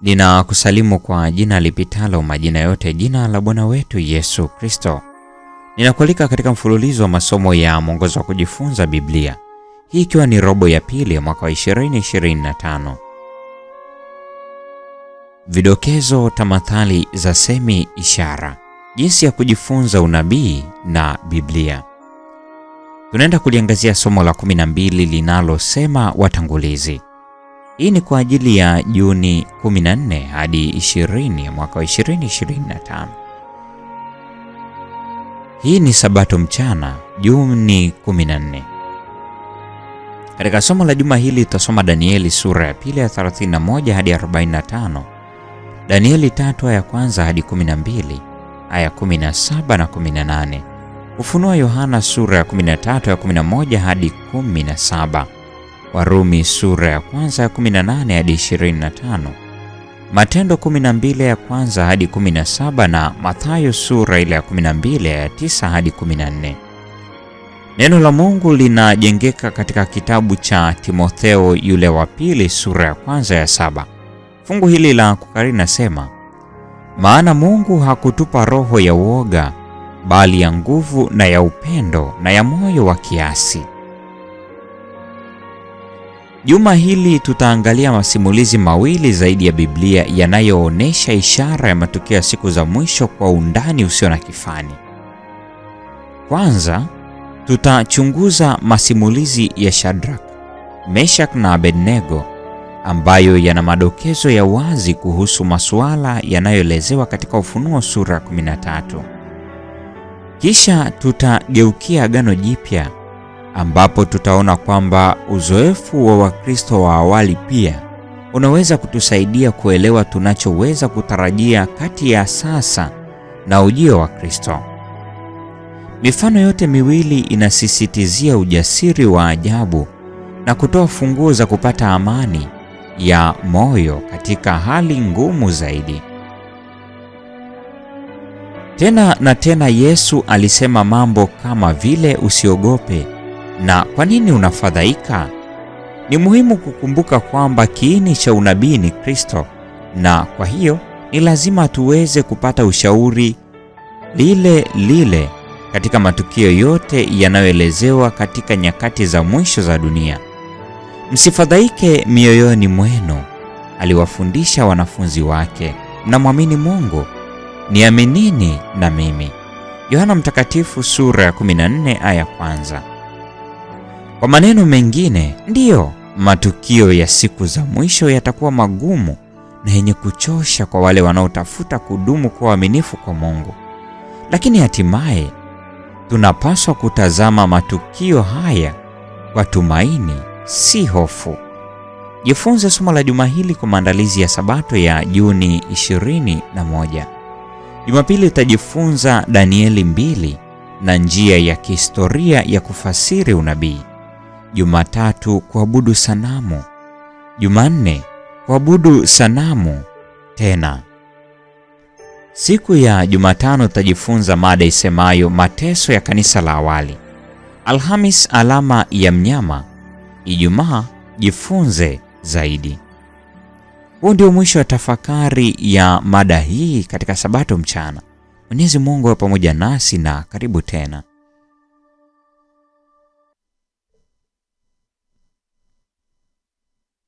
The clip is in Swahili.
Ninakusalimu kwa jina lipitalo majina yote, jina la Bwana wetu Yesu Kristo. Ninakualika katika mfululizo wa masomo ya mwongozo wa kujifunza Biblia, hii ikiwa ni robo ya pili ya mwaka wa 2025. Vidokezo, tamathali za semi, ishara, jinsi ya kujifunza unabii na Biblia. Tunaenda kuliangazia somo la 12 linalosema watangulizi. Hii ni kwa ajili ya Juni 14 hadi 20 mwaka wa 2025. Hii ni Sabato mchana Juni 14. Katika somo la juma hili tutasoma Danieli sura ya pili ya 31 hadi 45, Danieli tatu aya kwanza hadi 12, aya 17 na 18, Ufunuo Yohana sura ya 13 ya 11 hadi 17 Warumi sura ya kwanza ya 18 hadi 25, Matendo 12 ya kwanza hadi 17 na Mathayo sura ile ya 12 ya 9 hadi 14. Neno la Mungu linajengeka katika kitabu cha Timotheo yule wa pili sura ya kwanza ya saba. Fungu hili la kukariri nasema, maana Mungu hakutupa roho ya uoga, bali ya nguvu na ya upendo na ya moyo wa kiasi. Juma hili tutaangalia masimulizi mawili zaidi ya Biblia yanayoonyesha ishara ya matukio ya siku za mwisho kwa undani usio na kifani. Kwanza tutachunguza masimulizi ya Shadrach, Meshach na Abednego ambayo yana madokezo ya wazi kuhusu masuala yanayoelezewa katika Ufunuo sura 13. Kisha tutageukia Agano Jipya ambapo tutaona kwamba uzoefu wa Wakristo wa awali pia unaweza kutusaidia kuelewa tunachoweza kutarajia kati ya sasa na ujio wa Kristo. Mifano yote miwili inasisitizia ujasiri wa ajabu na kutoa funguo za kupata amani ya moyo katika hali ngumu zaidi. Tena na tena Yesu alisema mambo kama vile usiogope na kwa nini unafadhaika? Ni muhimu kukumbuka kwamba kiini cha unabii ni Kristo, na kwa hiyo ni lazima tuweze kupata ushauri lile lile katika matukio yote yanayoelezewa katika nyakati za mwisho za dunia. Msifadhaike mioyoni mwenu, aliwafundisha wanafunzi wake, mnamwamini Mungu, niaminini na mimi. Yohana Mtakatifu sura ya 14 aya kwanza. Kwa maneno mengine, ndiyo matukio ya siku za mwisho yatakuwa magumu na yenye kuchosha kwa wale wanaotafuta kudumu kwa waminifu kwa Mungu, lakini hatimaye tunapaswa kutazama matukio haya kwa tumaini, si hofu. Jifunze somo la juma hili kwa maandalizi ya Sabato ya Juni 21. Jumapili utajifunza Danieli 2 na njia ya kihistoria ya kufasiri unabii. Jumatatu kuabudu sanamu, Jumanne kuabudu sanamu tena. Siku ya Jumatano utajifunza mada isemayo mateso ya kanisa la awali. Alhamis, alama ya mnyama. Ijumaa, jifunze zaidi. Huu ndio mwisho wa tafakari ya mada hii katika Sabato mchana. Mwenyezi Mungu awe pamoja nasi na karibu tena.